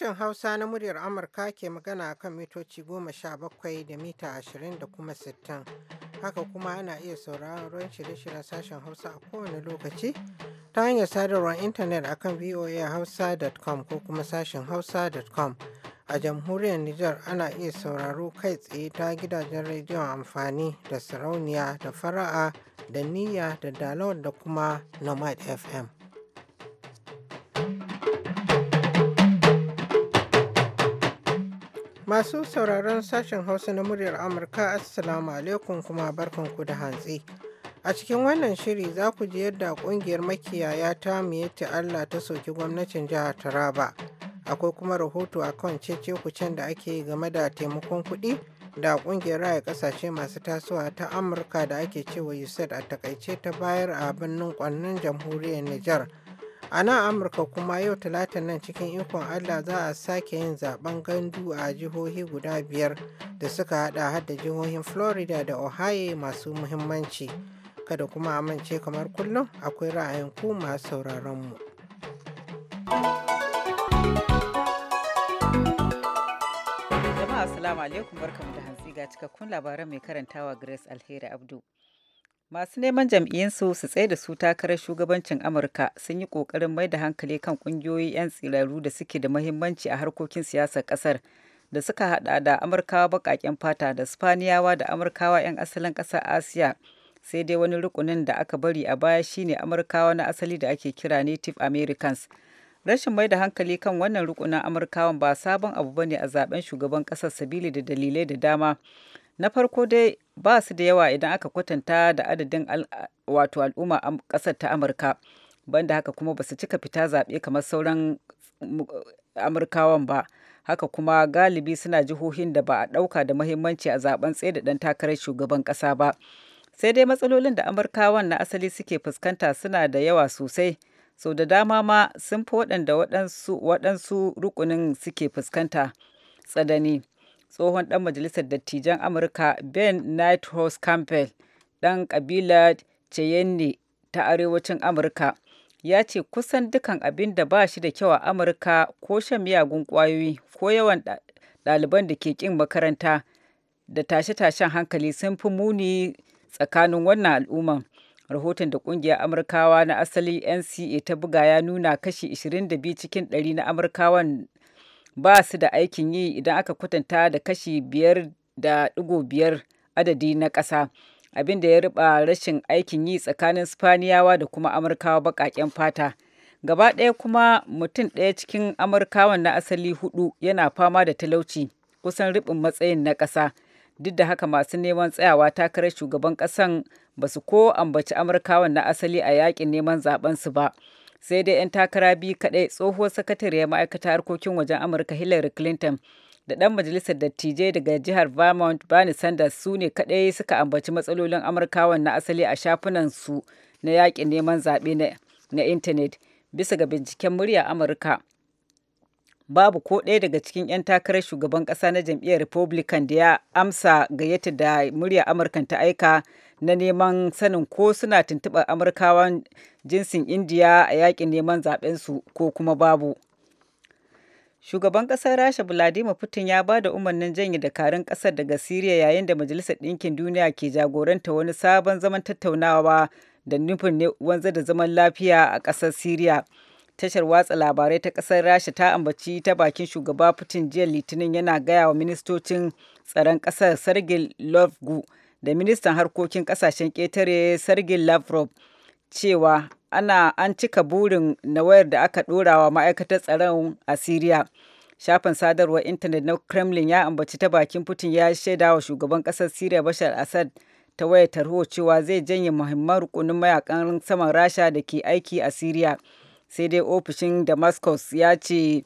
Sashen Hausa na muryar Amurka ke magana kan mitoci goma sha bakwai da mita ashirin da kuma sittin. Haka kuma ana iya sauraron shirye-shiryen sashen Hausa a kowane lokaci ta hanyar sadarwar intanet akan voahausa.com ko kuma sashen hausa.com. A jamhuriyar Nijar ana iya sauraro kai tsaye ta gidajen rediyon amfani da sarauniya da fara'a da niyya da dalawar da kuma Nomad FM. Masu sauraron sashen Hausa na muryar Amurka, Assalamu alaikum kuma barkanku da hantsi. A cikin wannan shiri za ku ji yadda kungiyar makiyaya ta miyatti Allah ta soki gwamnatin jihar Taraba. Akwai kuma rahoto a kan cece-kucen da ake yi game da taimakon kuɗi da kungiyar raya ƙasashe masu tasowa ta Amurka da ake cewa USAID a takaice ta bayar a birnin kwannan jamhuriyar Nijar A nan Amurka kuma yau talata nan cikin ikon Allah za a sake yin zaben gandu a jihohi guda biyar da suka hada hada jihohin Florida da Ohio masu muhimmanci. Kada kuma amince kamar kullum akwai ra'ayin ku masu sauraron Jama'a Assalamu alaikum barkamu da hantsi ga cikakkun labaran mai karantawa Grace Alheri Abdu. Masu neman jam'iyyinsu su tsaye da su takarar shugabancin Amurka sun yi ƙoƙarin mai da hankali kan ƙungiyoyi 'yan tsiraru da suke da mahimmanci a harkokin siyasar ƙasar da suka haɗa da Amurkawa baƙaƙen fata da Spaniyawa da Amurkawa 'yan asalin ƙasar Asiya. Sai dai wani rukunin da aka bari a baya shine Amurkawa na asali da ake kira Native Americans. Rashin mai da hankali kan wannan rukunin Amurkawan ba sabon abu bane a zaben shugaban ƙasar sabili da dalilai da dama. na farko dai ba su da yawa idan aka kwatanta da adadin wato al'umma a ƙasar ta amurka banda haka kuma ba su cika fita zaɓe kamar sauran amurkawan ba haka kuma galibi suna jihohin da ba a ɗauka da muhimmanci a zaben tsaye da ɗan takarar shugaban ƙasa ba sai dai matsalolin da amurkawan na asali suke fuskanta suna da yawa sosai sau da dama ma sun fi waɗanda waɗansu rukunin suke fuskanta tsadani tsohon ɗan majalisar dattijan amurka ben nighthouse campbell ɗan ƙabila cheyenne ta arewacin amurka ya ce kusan dukan abin da ba shi da kyau a amurka ko shan miyagun ƙwayoyi ko yawan ɗaliban da ke ƙin makaranta da tashe-tashen hankali sun fi muni tsakanin wannan al'umman rahoton da ƙungiyar amurkawa na asali nca ta buga ya nuna kashi 22 cikin 100 na amurkawan ba su da aikin yi idan aka kwatanta da kashi biyar da ɗigo biyar adadi na ƙasa abin da ya riba rashin aikin yi tsakanin spaniyawa da kuma amurkawa baƙaƙen fata gaba ɗaya kuma mutum ɗaya cikin amurkawa na asali hudu yana fama da talauci kusan ribin matsayin na ƙasa duk da haka masu neman tsayawa takarar shugaban ƙasan ba su ko ambaci amurkawa na asali a yaƙin neman zaben su ba sai dai 'yan takara biyu kaɗai tsohuwar sakatariyar ma'aikatar harkokin wajen amurka hillary clinton da ɗan majalisar dattijai daga jihar vermont bernie sanders su ne kaɗai suka ambaci matsalolin amurkawan na asali a shafunan su na yakin neman zaɓe na intanet bisa ga binciken murya amurka babu ko ɗaya daga cikin 'yan takarar shugaban ƙasa na jam'iyyar republican da ya amsa gayyata da murya Amurka ta aika na neman sanin ko suna tuntuɓar amurkawan jinsin indiya a yakin neman su ko kuma babu shugaban ƙasar rasha vladimir putin ya ba da umarnin janye dakarun ƙasar daga siriya yayin da majalisar ɗinkin duniya ke jagoranta wani sabon zaman tattaunawa da nufin wanzar da zaman lafiya a ƙasar siriya tashar watsa labarai ta ƙasar rasha ta ambaci ta bakin shugaba putin jiya litinin yana gaya wa ministocin tsaron ƙasar sergei lovgu da ministan harkokin ƙasashen ƙetare sergei lavrov cewa ana an cika burin na wayar da aka ɗora wa ma'aikatar tsaron a Siriya. Shafin sadarwar intanet na Kremlin ya ambaci ta bakin Putin ya shaida wa shugaban ƙasar Siriya Bashar Assad ta wayar tarho cewa zai janye muhimman rukunin mayakan saman Rasha da ke aiki a Siriya. Sai dai ofishin Damascus ya ce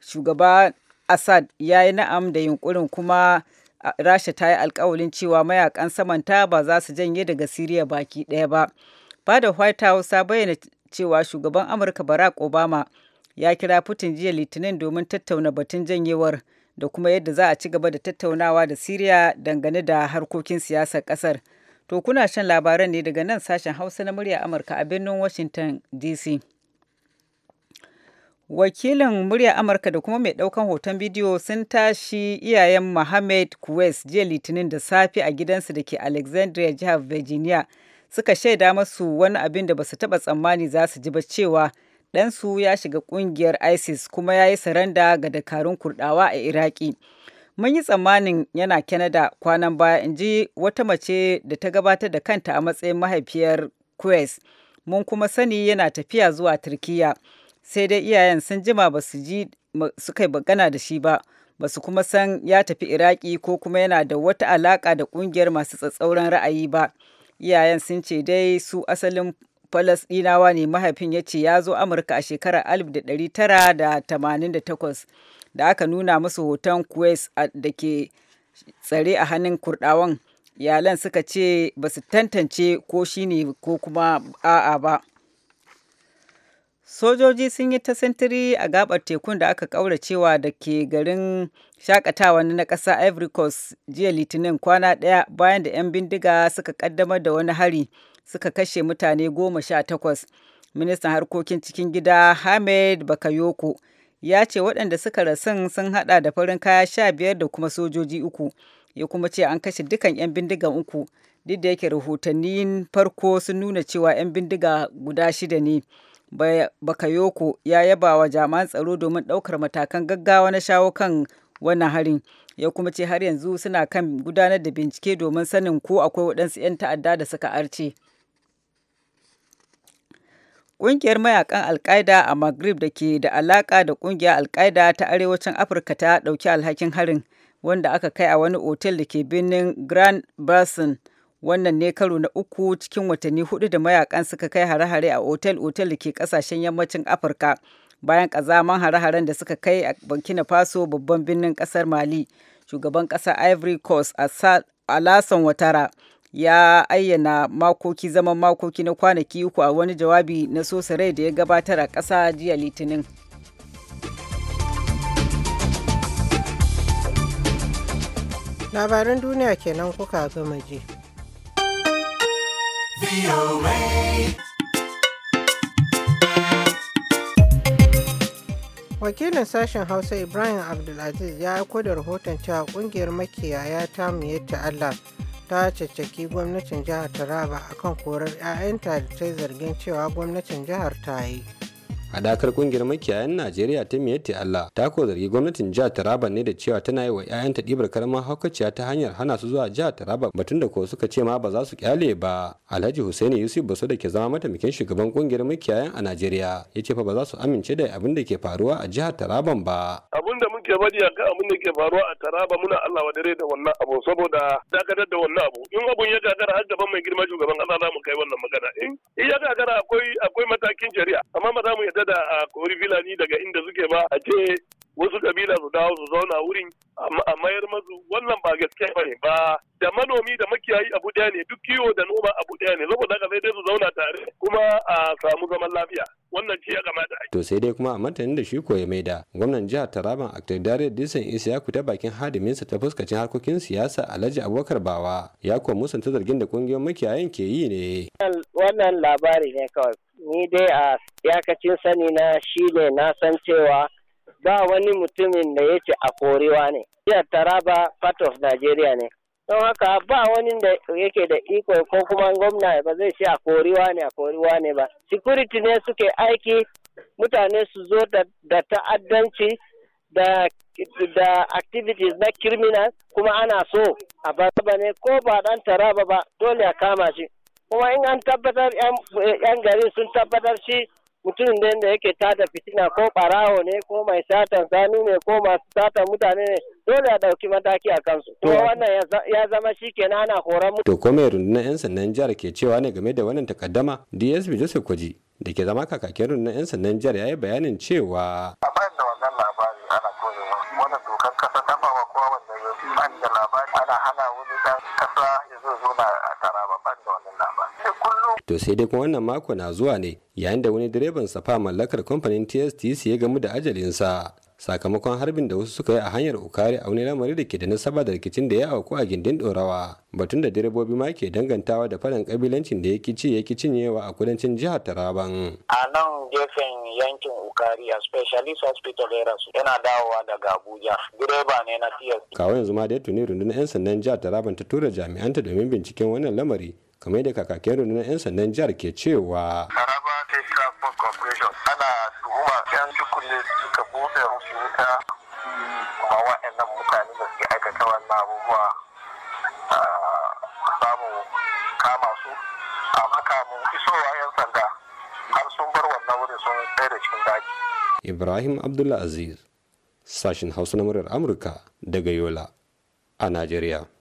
shugaba Assad ya yi na'am da yunkurin kuma Rasha ta yi alkawalin cewa mayakan saman ta ba za su janye daga Siriya baki ɗaya ba. fada white house ta bayyana cewa shugaban amurka barack obama ya kira putin jiya litinin domin tattauna batun janyewar da kuma yadda za a ci gaba da tattaunawa da syria dangane da harkokin siyasar kasar to kuna shan labaran ne daga nan sashen hausa na murya amurka a birnin washington dc wakilin murya amurka da kuma mai daukan hoton bidiyo sun tashi iyayen mohammed kuwes jiya litinin da safe a gidansu da ke alexandria jihar virginia suka shaida masu wani abin da basu taɓa tsammani za su ji ba cewa ɗansu ya shiga ƙungiyar isis kuma ya yi saranda ga dakarun kurɗawa a iraki mun yi tsammanin yana canada kwanan baya in ji wata mace da ta gabatar da kanta a matsayin mahaifiyar quest mun kuma sani yana tafiya zuwa turkiya sai dai iyayen sun jima ba su ji su kai bagana da shi ba ba su kuma san ya tafi iraki ko kuma yana da wata alaka da ƙungiyar masu tsatsauran ra'ayi ba Iyayen sun ce dai su asalin Falasɗinawa ne mahaifin ya ce ya zo Amurka a shekarar 1988 da aka nuna musu hoton Kuwait da ke tsare a hannun Kurɗawan. Iyalan suka ce ba su tantance ko shi ne ko kuma a'a ba. sojoji sun yi ta sintiri a gabar tekun da aka kauracewa da ke garin shakatawa na ƙasa ivory coast jiya litinin kwana ɗaya bayan da 'yan bindiga suka kaddamar da wani hari suka kashe mutane goma sha takwas ministan harkokin cikin gida hamed bakayoko ya ce waɗanda suka rasun sun haɗa da farin kaya sha biyar da kuma sojoji uku ya kuma ce an kashe dukan 'yan bindigan uku duk da yake rahotannin farko sun nuna cewa 'yan bindiga guda shida ne Bakayoko ya yaba wa jami'an tsaro domin ɗaukar matakan gaggawa na shawo kan wannan harin. Ya kuma ce har yanzu suna kan gudanar da bincike domin sanin ko akwai waɗansu 'yan ta'adda da suka arce. Ƙungiyar mayakan al a Maghrib da ke da alaƙa da ƙungiyar al ta Arewacin Afirka ta ɗauki alhakin harin, wanda aka kai a wani otel da ke birnin Grand Basin. wannan ne karo na uku cikin watanni hudu da mayakan suka kai hare-hare a otel-otel da ke kasashen yammacin afirka bayan kazaman hare-haren da suka kai a burkina faso babban birnin kasar mali shugaban kasa ivory coast alasan watara ya ayyana makoki zaman makoki na kwanaki uku a wani jawabi na sosarai da ya gabatar a kasa jiya litinin labaran duniya kenan kuka gama je wakilin sashen hausa ibrahim abdulaziz ya aiko da rahoton cewa kungiyar makiyaya ta miyatta allah ta caccaki gwamnatin jihar taraba akan korar 'ya'yanta da ta zargin cewa gwamnatin jihar ta yi A hadakar kungiyar makiyayan najeriya ta miyatti allah ta ko zargi gwamnatin jihar taraba ne da cewa tana yi wa 'ya'yanta ɗibar karamar haukaciya ta hanyar hana su zuwa jihar taraba batun da ko suka ce ma ba za su kyale ba alhaji husaini yusuf su da ke zama mataimakin shugaban kungiyar makiyayan a najeriya ya ce fa ba za su amince da abin da ke faruwa a jihar taraban ba abin da muke bari a kan abin da ke faruwa a taraba muna allah wa dare da wannan abu saboda dakatar da wannan abu in abun ya gagara har gaban mai girma shugaban allah za mu kai wannan magana in ya gagara akwai akwai matakin jari'a amma ba za mu yarda kada a kori filani daga inda suke ba a je wasu kabila su dawo su zauna wurin a mayar masu wannan ba gaske ba ne ba da manomi da makiyayi abu daya ne duk kiwo da noma abu daya ne saboda haka sai dai su zauna tare kuma a samu zaman lafiya wannan ce ya kamata to sai dai kuma a martanin da shi koya mai da gwamnan jihar Taraban Akta Dare Disan ya ta bakin hadimin sa ta fuskacin harkokin siyasa Alhaji Abubakar Bawa ya kuwa musanta zargin da kungiyoyin makiyayin ke yi ne wannan labari ne kawai ni dai a yakacin sani na shi ne na san cewa ba wani mutumin da ya a korewa ne. Jihar Taraba part of Najeriya ne. Don haka ba wani da yake da iko ko kuma gwamna ba zai ce a korewa ne a korewa ne ba. Security ne suke aiki mutane su zo da ta'addanci da da activities na criminal kuma ana so a ba ne ko ba dan taraba ba dole a kama shi kuma in an tabbatar yan gari sun tabbatar shi mutumin ne da yake tada fitina ko barawo ne ko mai satan sanu ne ko masu satan mutane ne dole a ɗauki mataki a kansu kuma wannan ya zama shi kenan ana horon mutu. to kome rundunar yan sandan jihar ke cewa ne game da wannan takaddama dsp joseph kwaji da ke zama kakakin rundunar yan sandan jihar ya yi bayanin cewa. a to sai dai kuma wannan mako na zuwa ne yayin da wani direban safa mallakar kamfanin tstc ya gamu da ajalinsa sakamakon harbin da wasu suka yi a hanyar ukari a wani lamari da ke da nasaba da rikicin da ya auku a gindin dorawa batun da direbobi ma ke dangantawa da faɗan kabilancin da ya kici ya ki cinyewa a kudancin jihar taraban a nan gefen yankin ukari a specialist hospital rasu yana dawowa daga abuja direba ne na tiyar kawo yanzu ma da ya tuni rundunar 'yan sandan jihar taraban ta tura jami'anta domin binciken wannan lamari kamar yadda kakakin rundunar 'yan sandan jihar ke cewa Taraba State Transport Corporation ana tuhuma 'yan tukunne suka bude rufe wuta kuma waɗannan mutane da suke aikata wannan abubuwa samu ah, kama su amma kamun isowa 'yan sanda har sun bar wannan wurin sun tsaye da cikin daji. Ibrahim Abdullah Aziz, sashin Hausa na muryar Amurka daga Yola a Najeriya.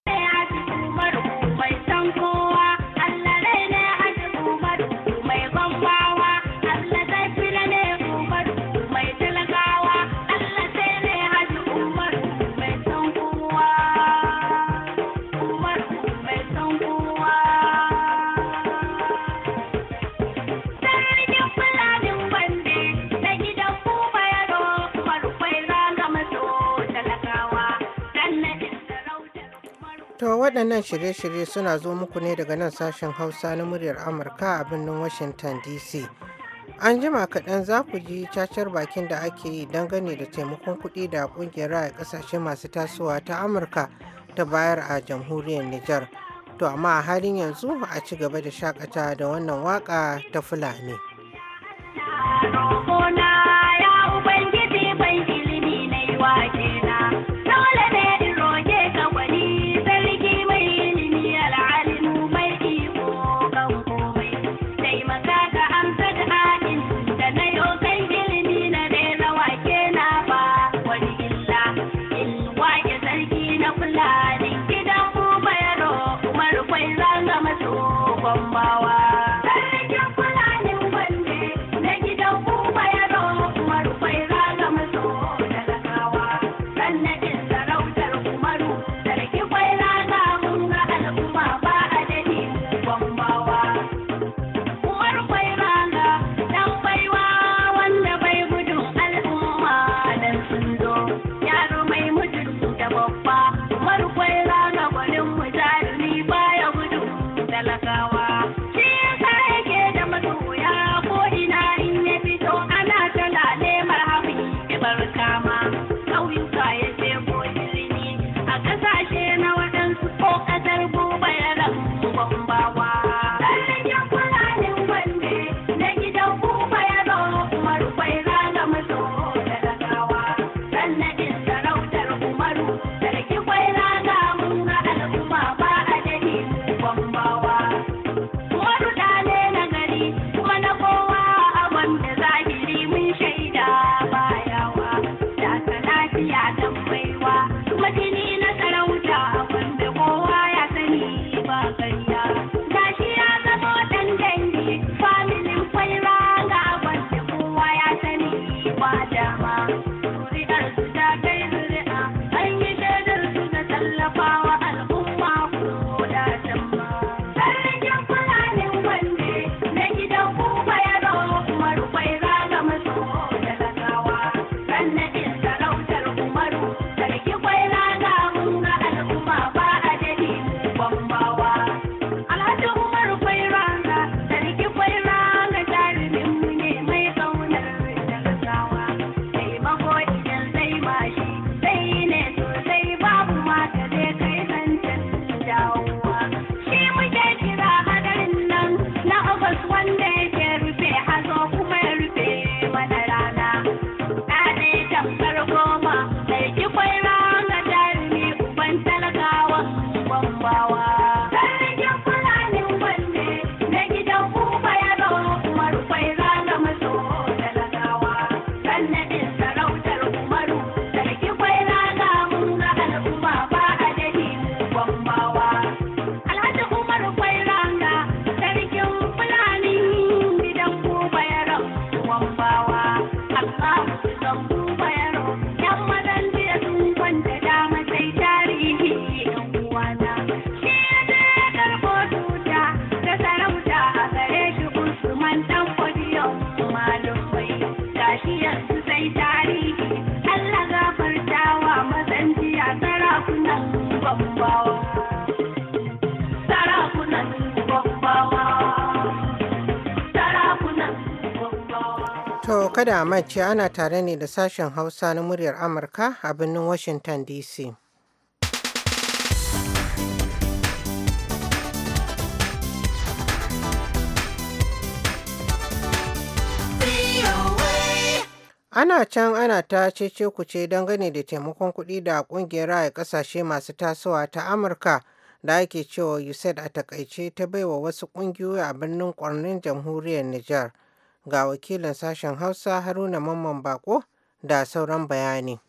waɗannan shirye-shirye suna zo muku ne daga nan sashen hausa na muryar amurka a birnin washington dc an jima kaɗan za ku ji cacar bakin da ake yi dangane da taimakon kuɗi da ƙungiyar raya ƙasashe masu tasowa ta amurka ta bayar a jamhuriyar nijar to amma a halin yanzu a ci gaba da shakata da wannan waka ta fulani. To kada a mace ana tare ne da sashen Hausa na muryar Amurka a birnin Washington DC. Ana can ana ta cece kuce dangane da taimakon kuɗi da ƙungiyar raya ƙasashe masu tasowa ta Amurka da ake cewa USAID a takaice ta baiwa wasu ƙungiyoyi a birnin ƙwarnin jamhuriyar Nijar. ga wakilin sashen Hausa Haruna Mamman Bako da sauran bayani.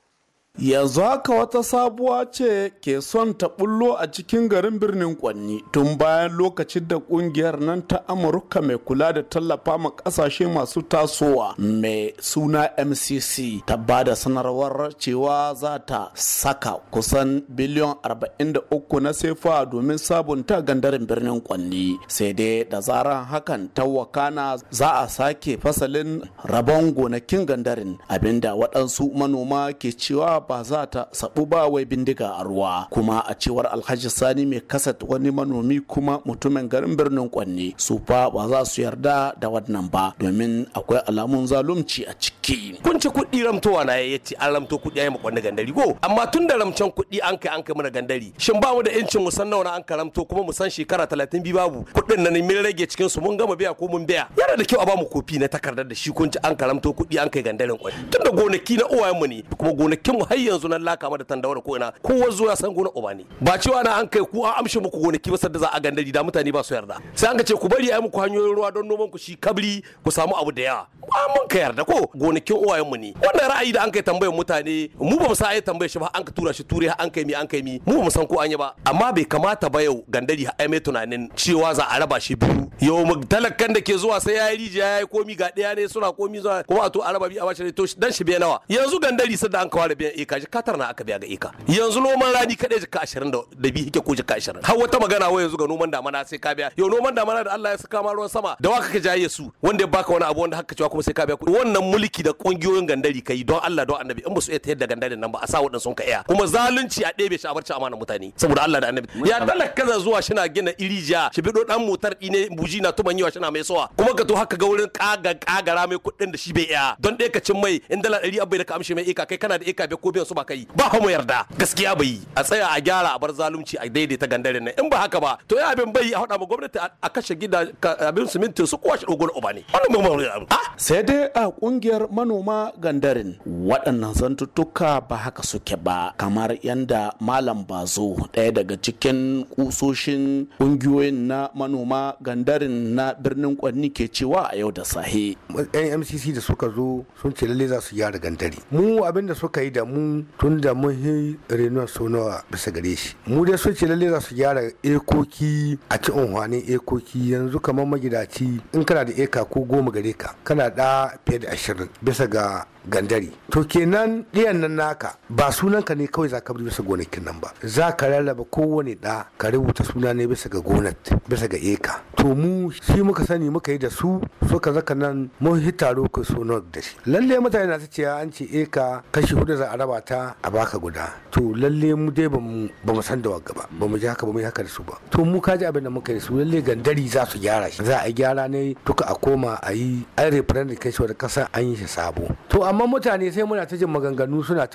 yanzu haka wata sabuwa ce ke son ta bullo a cikin garin birnin kwanni tun bayan lokacin da kungiyar nan ta amurka mai kula da tallafa ma kasashe masu tasowa mai suna mcc ta ba da sanarwar cewa za ta saka kusan biliyon 43 na sefa domin sabunta gandarin birnin kwanni sai dai da zaran hakan ta wakana za a sake fasalin rabon gonakin gandarin abinda waɗansu manoma ke cewa ba za ta sabu ba wai bindiga a ruwa kuma a cewar alhaji sani mai kasat wani manomi kuma mutumin garin birnin kwanne su fa ba za su yarda da wannan ba domin akwai alamun zalunci a ciki kun ci kuɗi ramtowa na ya ce an ramto kuɗi ayi makonni gandari go amma tun da ramcen kuɗi an kai an kai mana gandari shin ba mu da incin mu san nawa an karamto kuma mu san shekara 30 bi babu kuɗin nan mun rage cikin su mun gama biya ko mun biya yana da kyau a ba mu kofi na takardar da shi kun ci an karamto kuɗi an kai gandarin kwai tun da gonaki na uwayenmu ne kuma gonakin mu har yanzu nan laka mata da tandawar ko ina kowa zuwa san gonar uba ne ba cewa na an kai ku an amshe muku gonaki ba da za a gandari da mutane ba su yarda sai an ce ku bari ai muku hanyoyin ruwa don noman ku shi kabri ku samu abu da yawa ba mun ka yarda ko gonakin uwayen mu ne wannan ra'ayi da an kai tambayar mutane mu ba mu sa ai tambayar shi ba an ka tura shi ture an kai mi an kai mi mu ba mu san ko an yi ba amma bai kamata ba yau gandari ai mai tunanin cewa za a raba shi biyu biyu yau talakan da ke zuwa sai ya yi rijiya ya yi komi ga ɗaya ne suna komi zuwa kuma a to araba bi a bashi to dan shi bai nawa yanzu gandari da an kawo rabin eka ji katar na aka biya ga eka yanzu noman rani kaɗai jika ashirin da bi yake ko jika ashirin har wata magana wa yanzu ga noman damana sai ka biya yau noman damana da Allah ya saka ma ruwan sama da waka ka jaye su wanda ya baka wani abu wanda haka cewa kuma sai ka biya wannan mulki da kungiyoyin gandari kai don Allah don annabi in ba su iya tayar da gandarin nan ba a sa waɗansu sun ka iya kuma zalunci a ɗebe shi a barci amana mutane saboda Allah da annabi ya talaka zuwa shi na gina irija shi bido dan motar ne buji na tuman yawa shana mai sowa kuma ka to haka ga wurin kaga kagara mai kuɗin da shi bai iya don ɗaya ka cin mai in dala ɗari abai da ka amshi mai eka kai kana da eka bai ko biyan su ba kai ba fa mu yarda gaskiya bai a tsaya a gyara a bar zalunci a daidaita gandarin nan in ba haka ba to ya abin bai a haɗa ma gwamnati a kashe gida abin simintin su kuwa shi dogon uba ne wannan ah! sai dai a kungiyar manoma gandarin waɗannan zantuttuka ba haka suke ba kamar yadda malam bazo ɗaya daga cikin kusoshin kungiyoyin na manoma gandarin Darin na birnin kwanni ke cewa a yau da sahe yan mcc da suka zo sun ce lalle za su gyara gandari mu abin da suka yi da mu tun da mun yi renon sonawa bisa gare shi mu dai sun ce lalle za su gyara ekoki a ci unhwanin ekoki yanzu kamar magidaci in kana da eka ko goma gare ka kana da fiye da ashirin bisa ga gandari to kenan ɗiyan nan naka ba sunanka ne kawai za ka bisa gonakin nan ba za ka rarraba kowane ɗa ka rubuta suna ne bisa ga gonat bisa ga eka to mu shi muka sani muka yi da su suka zaka nan mun yi taro ku da shi lalle mutane na ta ce an ce eka kashi hudu za a raba ta a baka guda to lalle mu dai ba mu san da wa gaba ba mu ji haka ba mu yi haka da su ba to mu kaji abin da muka yi su lalle gandari za su gyara shi za a gyara ne duka a koma a yi an referendum kai shi wata kasa an yi shi sabo to amma mutane sai muna ta jin maganganu suna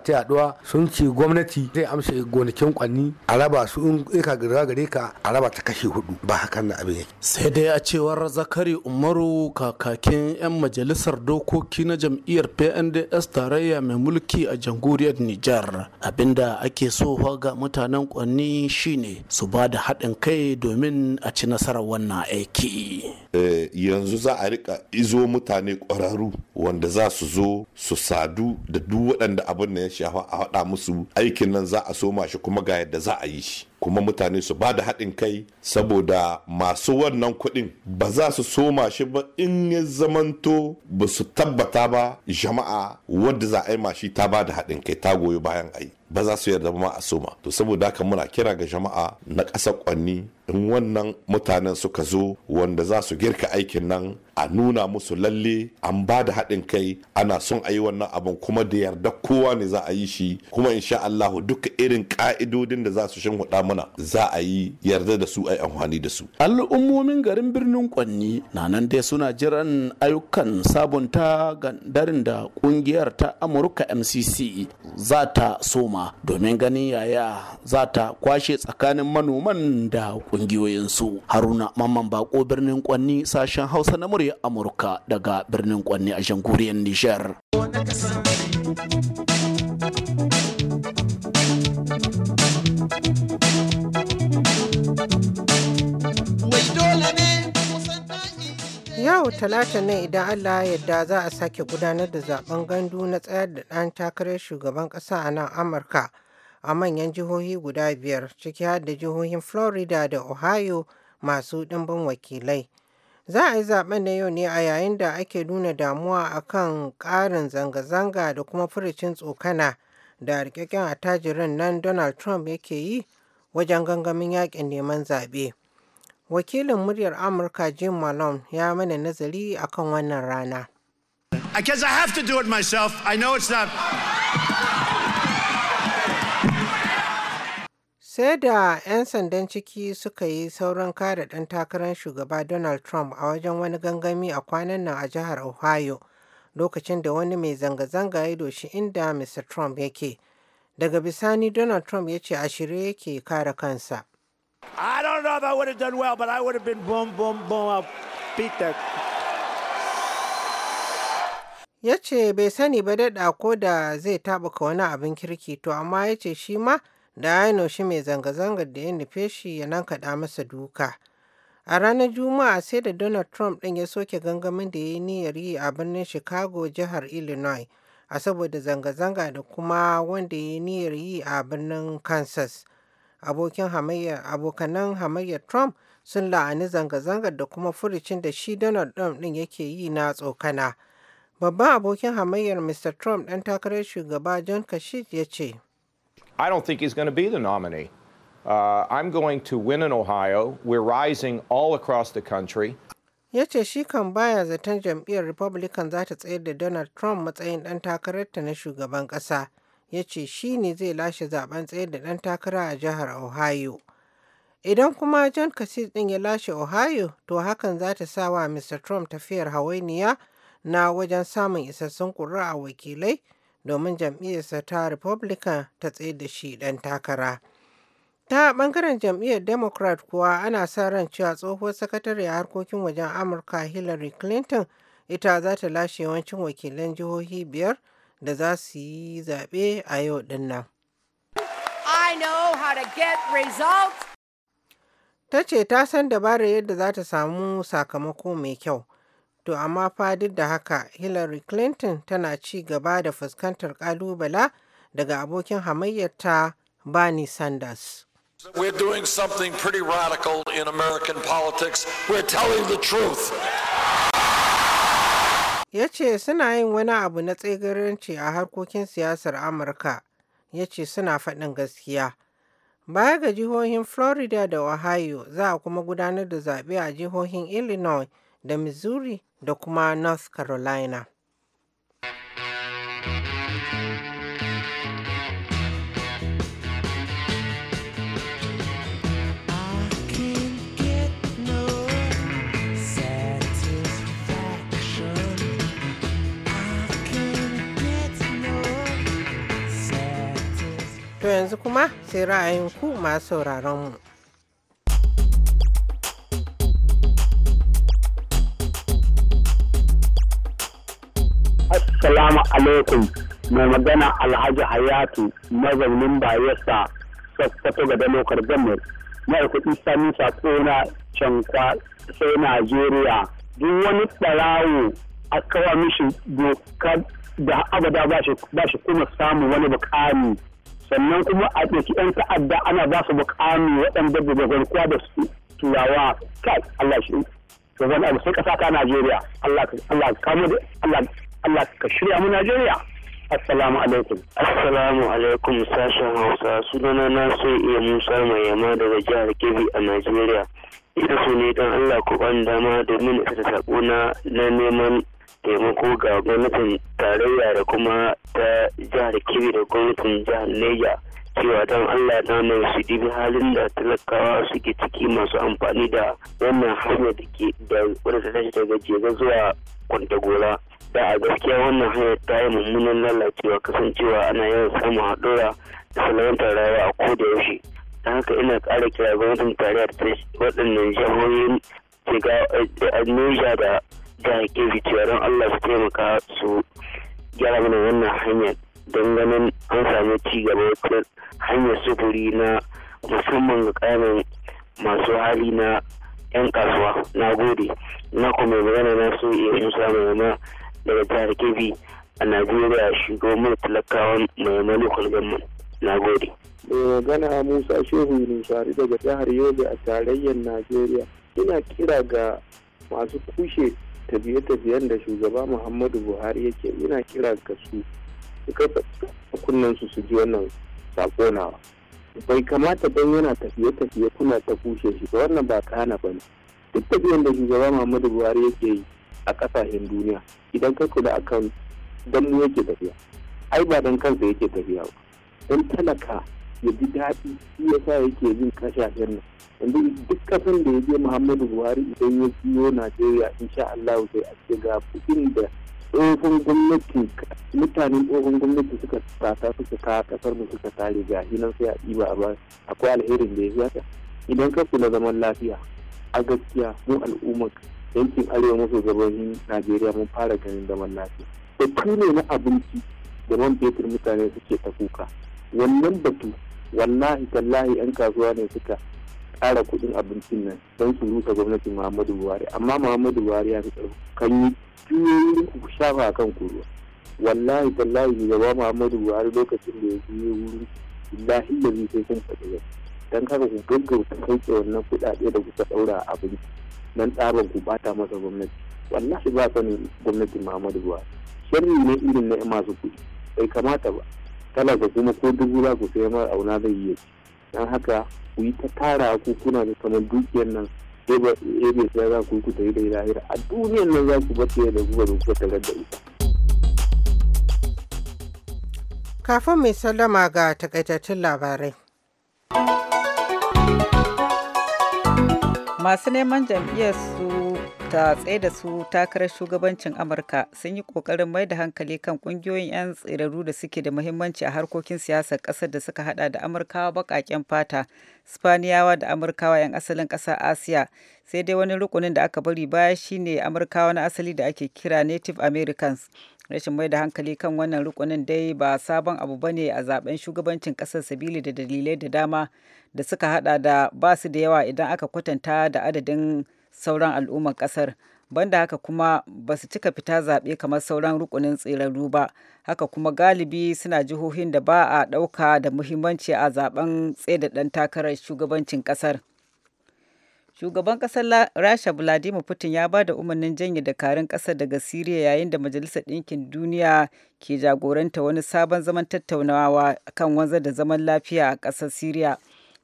ta yaduwa sun ce gwamnati zai amsa gonakin kwanni a raba su in ka gira gare ka a raba ta kashe hudu ba hakan na abin yake sai dai a cewar zakari umaru kakakin yan majalisar dokoki na jam'iyyar PNDS tarayya mai mulki a jamhuriyar Nijar abinda ake so ga mutanen kwanni shine su ba da haɗin kai domin a ci nasarar wannan aiki eh, yanzu za a rika izo mutane ƙwararru wanda za su zo su sadu da duk waɗanda abin da ya shafa a haɗa musu aikin nan za a soma shi kuma ga yadda za a yi shi kuma mutane su ba da haɗin kai saboda masu wannan kuɗin ba za su soma shi ba in ya zamanto ba su tabbata ba jama'a wadda za a yi mashi ta ba da haɗin kai ta goyi bayan ayi ba za su yarda ma a soma to saboda haka muna kira ga jama'a na ƙasar kwanni in wannan mutanen suka zo wanda za su girka aikin nan a nuna musu lalle an ba da haɗin kai ana son a yi wannan abin kuma da yarda kowa ne za a yi shi kuma in sha Allahu duka irin ka'idodin da za su shimfiɗa mana za a yi yarda da su a yi amfani da su. Al'ummomin garin birnin Kwanni na nan dai suna jiran ayyukan sabunta gandarin da ƙungiyar ta Amurka MCC za ta soma. al'umma domin ganin yaya za ta kwashe tsakanin manoman da kungiyoyinsu haruna mamman bako birnin kwanni sashen hausa na murya amurka daga birnin kwanni a jamhuriyar nijar Yau talata ne idan Allah ya yarda za a sake gudanar da zaben gandu na tsayar da ɗan takarar shugaban ƙasa a nan Amurka a manyan jihohi guda biyar ciki har da jihohin Florida da Ohio masu ɗimbin wakilai. Za a yi zaben na yau ne a yayin da ake nuna damuwa akan ƙarin zanga-zanga da kuma furucin tsokana da rikakken attajirin nan Donald Trump yake yi wajen gangamin yakin neman zaɓe. Wakilin muryar Amurka Jim Malone ya mana nazari akan wannan rana. Sai da 'yan sandan ciki suka yi sauran kare ɗan takarar shugaba Donald Trump a wajen wani gangami a kwanan nan a jihar Ohio lokacin da wani mai zanga-zanga ya doshi inda Mr. Trump yake. Daga bisani Donald Trump ya ce a shirye yake kare kansa. I don't know if I would have done well, but I would have been boom, boom, boom. I'll beat that. Ya ce bai sani ba daɗa ko da zai ka wani abin kirki to amma ya ce shi ma da ya shi mai zanga-zangar da ya nufe shi ya nan kaɗa masa duka. A ranar Juma'a sai da Donald Trump ɗin ya soke gangamin da ya yi niyyar yi a birnin Chicago jihar Illinois a saboda zanga-zanga da kuma wanda ya yi niyyar yi a birnin Kansas. abokin hamayya abokanan hamayyar Trump sun la'ani zanga-zangar da kuma furucin da shi Donald Trump ɗin yake yi na tsokana. Babban abokin hamayyar Mr. Trump ɗan takarar shugaba John Kasich ya ce, I don't think he's going be the nominee. Uh, I'm going to win in Ohio. We're rising all across the country. Ya ce shi kan baya zaton jam'iyyar Republican za ta tsayar da Donald Trump matsayin ɗan takararta na shugaban kasa. ya ce shi ne zai lashe zaben tsayar da ɗan takara a jihar ohio idan kuma john kasich ɗin ya lashe ohio to hakan za ta sa wa mr trump tafiyar hawainiya na wajen samun isassun ƙuri'a wakilai domin jam'iyyarsa ta republican ta tsaye da shi ɗan takara ta ɓangaren jam'iyyar democrat kuwa ana sa ran cewa tsohuwar sakatare a harkokin wajen amurka hillary clinton ita za ta lashe yawancin wakilan jihohi biyar da za su yi zaɓe a yau ɗin nan. I know how to get results. Ta ce ta san dabarar yadda za ta samu sakamako mai kyau. To amma fa duk da haka Hillary Clinton tana ci gaba da fuskantar ƙalubala daga abokin hamayyarta Bernie Sanders. We're doing something pretty radical in American politics. We're telling the truth. ya ce suna yin wani abu na tsegaranci a harkokin siyasar amurka ya ce suna faɗin gaskiya baya ga jihohin florida da ohio za a kuma gudanar da zaɓe a jihohin illinois da missouri da kuma north carolina yanzu kuma sai ra'ayin ku masu sauraron mu. Assalamu alaikum mai magana Alhaji Hayatu mazaunin Bayelsa Sokoto ga dalokar Gamar. Mai kuɗi sami sako na cankwa sai Najeriya. Duk wani ɓarawo a kawo mishi dokar da abada ba shi kuma samun wani bukami sannan kuma a ɗauki 'yan ta'adda ana ba su mukami waɗanda da garkuwa da su turawa kai Allah shi to zan abu sai ƙasa ta Najeriya Allah Allah kamo da Allah Allah ka shirya mu Najeriya Assalamu alaikum. Assalamu alaikum sashen Hausa sunana na so iya Musa mai yama daga jihar Kebbi a Najeriya. Ina so ne don Allah ku ban dama domin isa ta sako na neman taimako ga gwamnatin tarayya da kuma ta jihar kiri da gwamnatin jihar neja cewa don allah na mai su dibi halin da talakawa suke ciki masu amfani da wannan hanyar da ke da wadda ta daga jega zuwa kwantagora da a gaskiya wannan hanyar ta yi mummunan lalacewa kasancewa ana yawan samun haɗura da salamantar rayuwa a koda yaushe ta haka ina ƙara kira gwamnatin tarayya da waɗannan jihohin eh, da jihar ke cewa don Allah su taimaka su gyara mana wannan hanyar don ganin an samu ci gaba ta hanyar sufuri na musamman ga kayan masu hali na 'yan kasuwa na gode na kuma magana na so iya samun mai daga jihar Kebbi a Najeriya shugaban mai talakawan mai malukar gwamnan na gode. mai magana musa shehu nusari daga jihar yobe a tarayyar najeriya ina kira ga masu kushe tafiye-tafiyen da shugaba muhammadu buhari yake ina kira ga su su kunnen su su ji wannan sako nawa bai kamata don yana tafiye-tafiye kuna ta kushe shi ba wannan ba kana ba ne duk tafiyan da shugaba muhammadu buhari yake yi a kasashen duniya idan kai kula akan don mu yake tafiya ai ba don kansa yake tafiya ba don talaka ya ji daɗi shi ya sa yake yin kashashen nan yanzu duk ƙasan da ya je muhammadu buhari idan ya biyo najeriya insha allahu sai a ce ga kuɗin da tsohon gwamnati mutanen tsohon gwamnati suka tata suka ka kasar mu suka tare ga nan sai a ɗiba a ba akwai alherin da ya zata idan ka kula zaman lafiya a gaskiya mu al'ummar yankin arewa maso gabashin najeriya mun fara ganin zaman lafiya da ne na abinci da man fetur mutane suke ta kuka wannan batu wallahi tallahi yan kasuwa ne suka ƙara kuɗin abincin nan don su rusa gwamnatin muhammadu buhari amma muhammadu buhari ya fi tsaro kan yi juyoyin ku shafa a kan kuruwa wallahi tallahi ne gaba muhammadu buhari lokacin da ya yi wurin lahi da zai sai sun faɗi yau don kaka ku gaggauta kai wannan kuɗaɗe da kuka ɗaura a abinci nan tsarin ku bata masa gwamnati wallahi ba sanin gwamnatin muhammadu buhari sharri ne irin na masu kuɗi bai kamata ba ka kuma ko dubu za ku sai ma auna zai yi don haka ku yi ta tara ku kuna da kamar dukiyar nan ebe sai za ku yi ku tafi da lahira a duniyar nan za ku bace da kuka da kuka tarar da ita. kafin mai sallama ga takaitattun labarai. masu neman jam'iyyar su ta tsaye da su takarar shugabancin amurka sun yi kokarin mai da hankali kan kungiyoyin 'yan tsiraru da suke da muhimmanci a harkokin siyasar kasar da suka hada da amurkawa bakaken fata spaniyawa da amurkawa 'yan asalin kasar asiya sai dai wani rukunin da aka bari baya shine amurkawa na asali da ake kira native americans rashin mai da hankali kan wannan rukunin dai ba sabon abu ba ne a zaben shugabancin kasar sabili da dalilai da dama da suka hada da ba su da yawa idan aka kwatanta da adadin sauran al'ummar kasar banda haka kuma ba su cika fita zaɓe kamar sauran rukunin tsirarru ba haka kuma galibi suna jihohin da ba a ɗauka da muhimmanci a zaben da ɗan takarar shugabancin ƙasar shugaban ƙasar rasha vladimir putin ya ba da umarnin janye dakarun ƙasar daga siriya yayin da majalisar ɗinkin duniya ke jagoranta wani sabon zaman tattaunawa kan wanzar da zaman lafiya a ƙasar siriya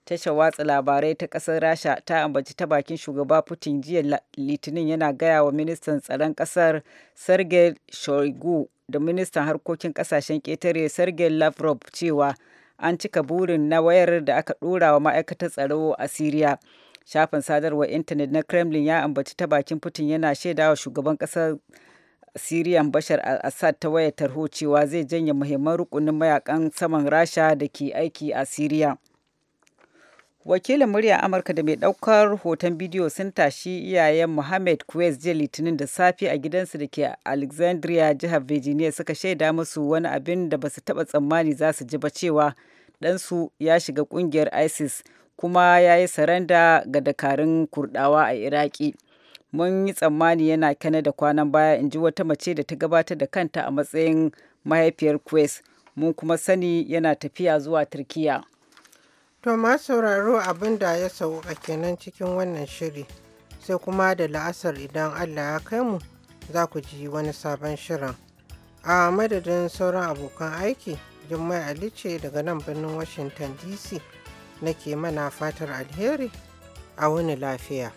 tashar watsa labarai ta kasar rasha ta ambaci ta bakin shugaba putin jiya litinin yana gaya wa ministan tsaron kasar sergei shoigu da ministan harkokin kasashen ketare sergei lavrov cewa an cika burin na wayar da aka ɗora wa ma'aikatar tsaro a syria shafin sadarwar intanet na kremlin ya ambaci ta bakin putin yana shaidawa shugaban kasar Siriyan Bashar al-Assad ta wayar tarho cewa zai janye muhimman rukunin mayakan saman Rasha da ke aiki a Siriya. wakilin murya amurka da mai daukar hoton bidiyo sun tashi iyayen mohammed kuwais je litinin da safe a gidansu da ke alexandria jihar virginia suka shaida musu wani abin da basu taba tsammani za su ji ba cewa ɗansu ya shiga kungiyar isis kuma ya yi saranda ga dakarun kurdawa a iraki mun yi tsammani yana da kwanan baya in ji wata mace da ta gabatar da kanta a matsayin mahaifiyar quest mun kuma sani yana tafiya zuwa turkiya To ma sauraro abin da ya sauka kenan cikin wannan shiri sai kuma da la'asar idan Allah ya kai mu za ku ji wani sabon shirin. A madadin sauran abokan aiki, Jummai Ali ce daga nan birnin Washington DC nake mana fatar alheri a wani lafiya.